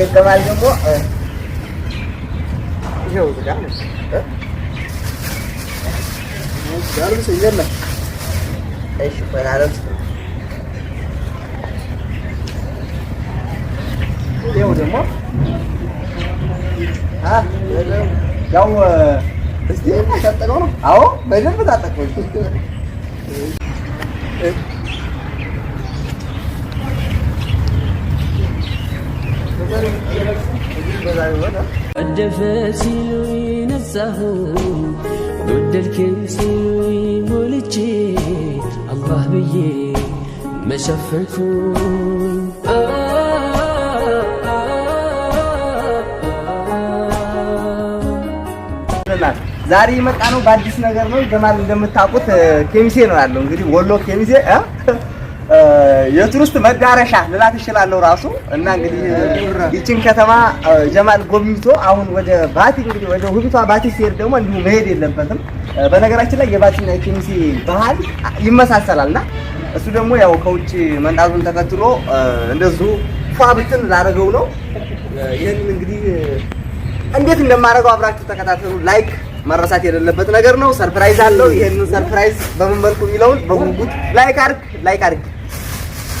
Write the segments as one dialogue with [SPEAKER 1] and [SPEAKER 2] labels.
[SPEAKER 1] Dia kawan jumbo. Eh.
[SPEAKER 2] Yo, sudah. Eh.
[SPEAKER 1] Sudah bisa jalan lah. Eh, super harus. Dia udah mau? Ha? Jauh. Terus dia tak tahu.
[SPEAKER 2] Aku, benar tak tahu. Eh. ቀደፈ ሲሉ ነጻሁ ጎደልክም ሲሉ ሞልቼ አላህ ብዬ መሸፈንኩኝ ዛሬ የመጣ ነው በአዲስ ነገር ነው። ጀማል እንደምታውቁት ኬሚሴ ነው ያለው እንግዲህ ወሎ ኬሚሴ የቱሪስት መዳረሻ ልላት እችላለሁ ራሱ እና እንግዲህ ይችን ከተማ ጀማል ጎብኝቶ አሁን ወደ ባቲ እንግዲህ ወደ ውቢቷ ባቲ ሲሄድ ደግሞ እንዲሁ መሄድ የለበትም። በነገራችን ላይ የባቲና የኬሚሴ ባህል ይመሳሰላል እና እሱ ደግሞ ያው ከውጭ መንጣቱን ተከትሎ እንደዙ ፏብትን ላደረገው ነው። ይህንን እንግዲህ እንዴት እንደማደርገው አብራችሁ ተከታተሉ። ላይክ መረሳት የሌለበት ነገር ነው። ሰርፕራይዝ አለው። ይህንን ሰርፕራይዝ በምን መልኩ የሚለውን በጉጉት ላይክ አድርግ ላይክ አድርግ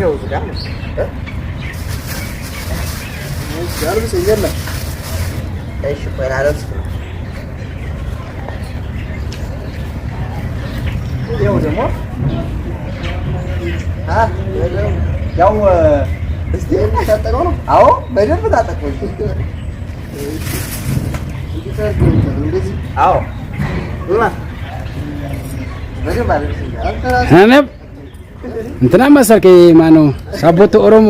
[SPEAKER 2] ይኸው እዚህ ጋር ነው
[SPEAKER 1] ጃርብስ የለም። እሺ ቆራረጥ
[SPEAKER 2] ይኸው ደግሞ ያው እስቲ ታጠቀው ነው። አዎ በደንብ ታጠቀው። አዎ በደንብ አለ እንትና መሰልክ ማነው? ሳቦት ኦሮሞ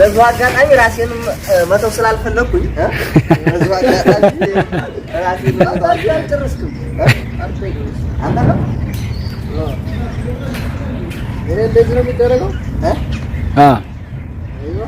[SPEAKER 1] በዙ አጋጣሚ ራሴን መተው ስላልፈለኩኝ አልጨርስክም።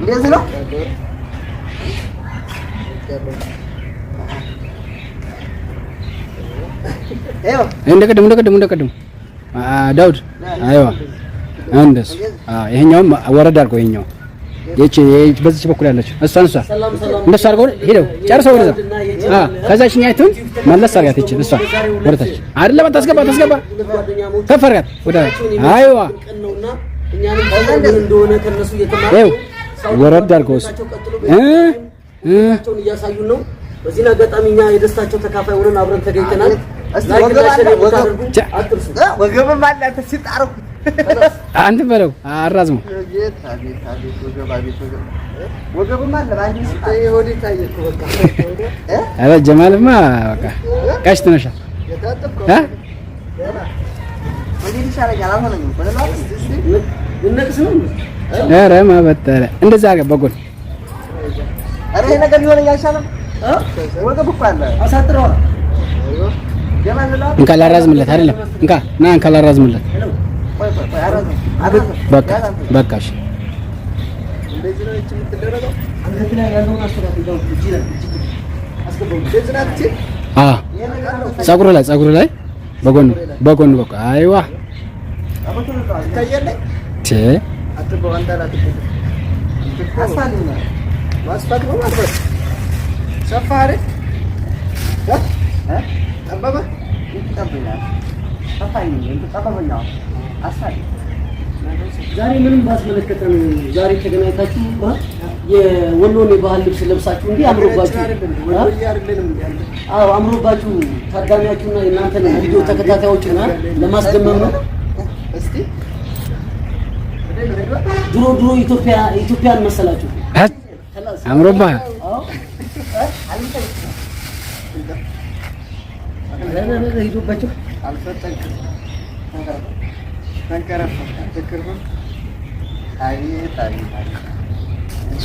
[SPEAKER 2] እንደዚህ ነው። እንደ ቅድም እንደ ቅድም እንደ ቅድም ዳውድ አይዋ እንደሱ። ይሄኛውም ወረድ አድርገው ይሄኛው ይቺ በዚች በኩል ያለች እሷን እሷ እንደሱ አድርገው ሄደው ጨርሰው ወደዛ አ ከዛችኛይቱን መለስ አድርጋት ይቺ እሷ ወደታች አይደለም። አታስገባ አታስገባ ከፍ ወደ አይዋ ወረድ አድርገው እያሳዩ ነው። በዚህ አጋጣሚ እኛ የደስታቸው ተካፋይ ሆነን
[SPEAKER 1] አብረን ተገኝተናል።
[SPEAKER 2] አንድ በለው ኧረ ጀማልማ በቃ ቀሽ ትነሻል። እ ኧረ ማበጠረ እንደዛ አድርገህ በጎን እንካ ላራዝምለት፣ አይደለም እንካ ና እንካ ላራዝምለት። በቃ በቃ እሺ ፀጉር ላይ ፀጉር ላይ በጎን በጎን በቃ አይዋ ዛሬ
[SPEAKER 1] ምንም ባስመለከተን ዛሬ ተገናኝታችሁ የወሎን የባህል ልብስ ለብሳችሁ እንዲህ አምሮባችሁ አምሮባችሁ ታዳሚያችሁና የእናንተን ቪዲዮ ተከታታዮችና ለማስደመም ነው። ድሮ ድሮ ኢትዮጵያን መሰላችሁ
[SPEAKER 2] አምሮባ ሂዶባቸው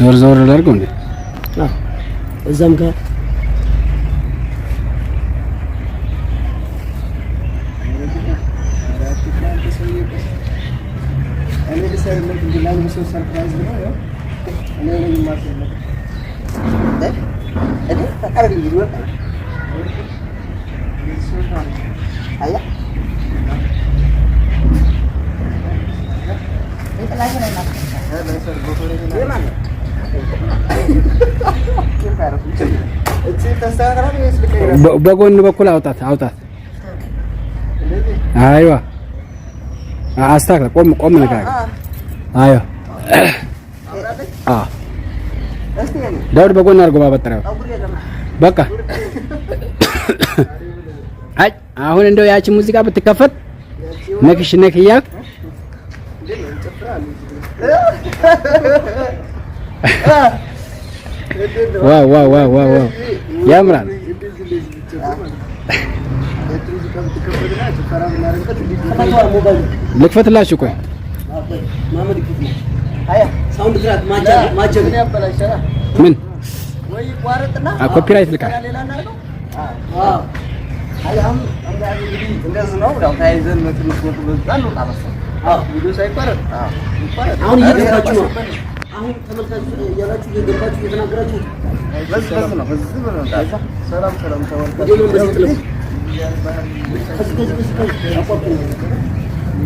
[SPEAKER 2] ዞር ዞር ላድርገው እንዴ እዛም ጋር በጎን በኩል አውጣት አውጣት። አይዋ አስታክለ ቆም ቆም ነገር አዎ አዎ ዳውድ በጎን አድርጎ ባበጠረው በቃ አይ አሁን እንደው ያቺ ሙዚቃ ብትከፈት ነክሽ ነክያ ዋው ዋው ዋው ዋው ያምራል። ልክፈትላችሁ ቆይ ማመድ
[SPEAKER 1] አያ ሳውንድ ትራክ ማጀብ
[SPEAKER 2] ምን ወይ ቋረጥና ኮፒራይት አዎ እንደዚህ ነው። ያው ታይዘን ነው አሁን እየገባችሁ ነው። አሁን ተመልካች እያላችሁ እየገባችሁ እየተናገራችሁ ነው።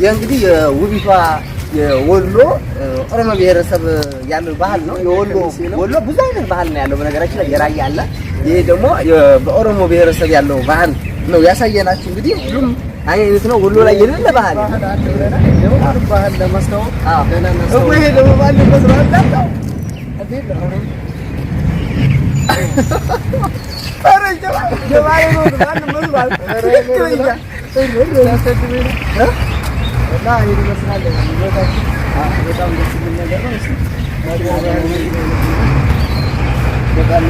[SPEAKER 1] ይህ እንግዲህ የውቢቷ የወሎ ኦሮሞ ብሔረሰብ ያለው ባህል ነው። የወሎ ወሎ ብዙ አይነት ባህል ነው ያለው በነገራችን ላይ የራያ አለ። ይሄ ደግሞ በኦሮሞ ብሔረሰብ ያለው ባህል ነው ያሳየናችሁ። እንግዲህ ሁሉም አይነት ነው ወሎ ላይ የሌለ ባህል ባህል እና ይህ ይመስላል በጣም ደስ የሚል ነገር ነው። እሱ በጣም ይህ በጣም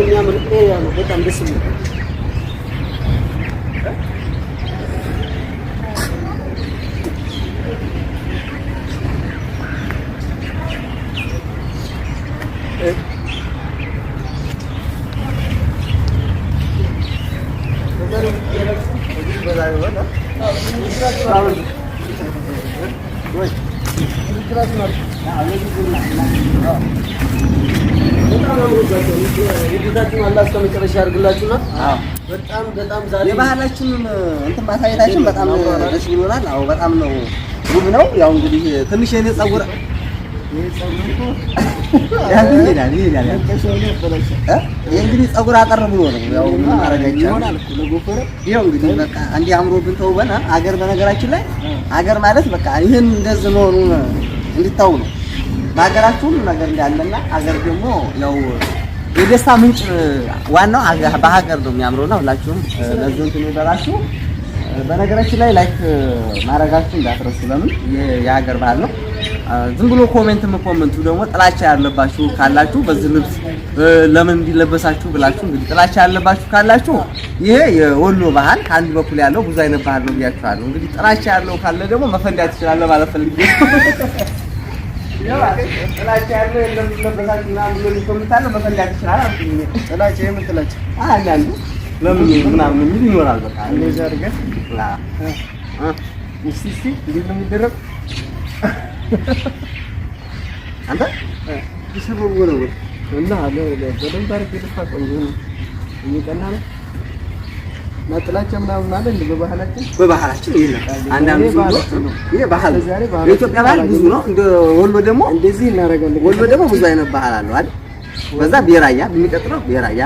[SPEAKER 1] የሚያምር ነው። በጣም ደስ የሚል የቤታችሁን አላህ እስከ በጣም በጣም ዛሬ የባህላችንን በጣም ደስ ይሆናል። አዎ በጣም ነው ውብ ነው። ያው እንግዲህ ትንሽ የኔ ጸጉር እንግዲህ ጸጉር አጠር ብሎ ነው ያው ማረጋቸው እንግዲህ በቃ እንዲህ አምሮብን ተውበና አገር በነገራችን ላይ አገር ማለት በቃ ይህን እንደዚህ መሆኑን እንዲታው ነው። በሀገራችሁ ነገር እንዳለና አገር ደግሞ ያው የደስታ ምንጭ ዋናው በሀገር ነው የሚያምረው ነው። ሁላችሁም ለዚህ እንትን ይበላችሁ። በነገራችን ላይ ላይክ ማድረጋችሁ እንዳትረሱ። ለምን የሀገር ባህል ነው። ዝም ብሎ ኮሜንት የምኮመንቱ ደግሞ ጥላቻ ያለባችሁ ካላችሁ በዚህ ልብስ ለምን እንዲለበሳችሁ ብላችሁ እንግዲህ ጥላቻ ያለባችሁ ካላችሁ ይሄ የወሎ ባህል ከአንድ በኩል ያለው ብዙ አይነት ባህል ነው ብያችኋለሁ። እንግዲህ ጥላቻ ያለው ካለ ደግሞ መፈንዳት ይችላል ማለት ፈልጌ ጥላቻ ያለው የለም ለበሳት ምናምን ብሎ ሊኮምታለ ለምን ምናምን የሚል ይኖራል። በቃ እንደዚህ አድርገህ እስኪ እስኪ እንዴት ነው የሚደረግ? አንተ ይሰበው ነው እና በደንብ አድርገህ ልፋ ቆንጆ ነው እየቀና ነው ጥላቻ ምናምን አለ እንዴ? በባህላችን በባህላችን የለም። አንዳንድ ይሄ ባህል የኢትዮጵያ ባህል ብዙ ነው። እንደ ወሎ ደግሞ እንደዚህ እናደርጋለን። ወሎ ደግሞ ብዙ አይነት ባህል አለው አይደል? በዛ ብሔራያ የሚቀጥለው ብሔራያ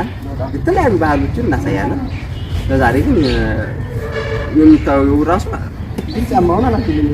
[SPEAKER 1] የተለያዩ ባህሎችን እናሳያለን። በዛሬ ግን የምታየው ራሱ ግን ጫማውን አላችሁ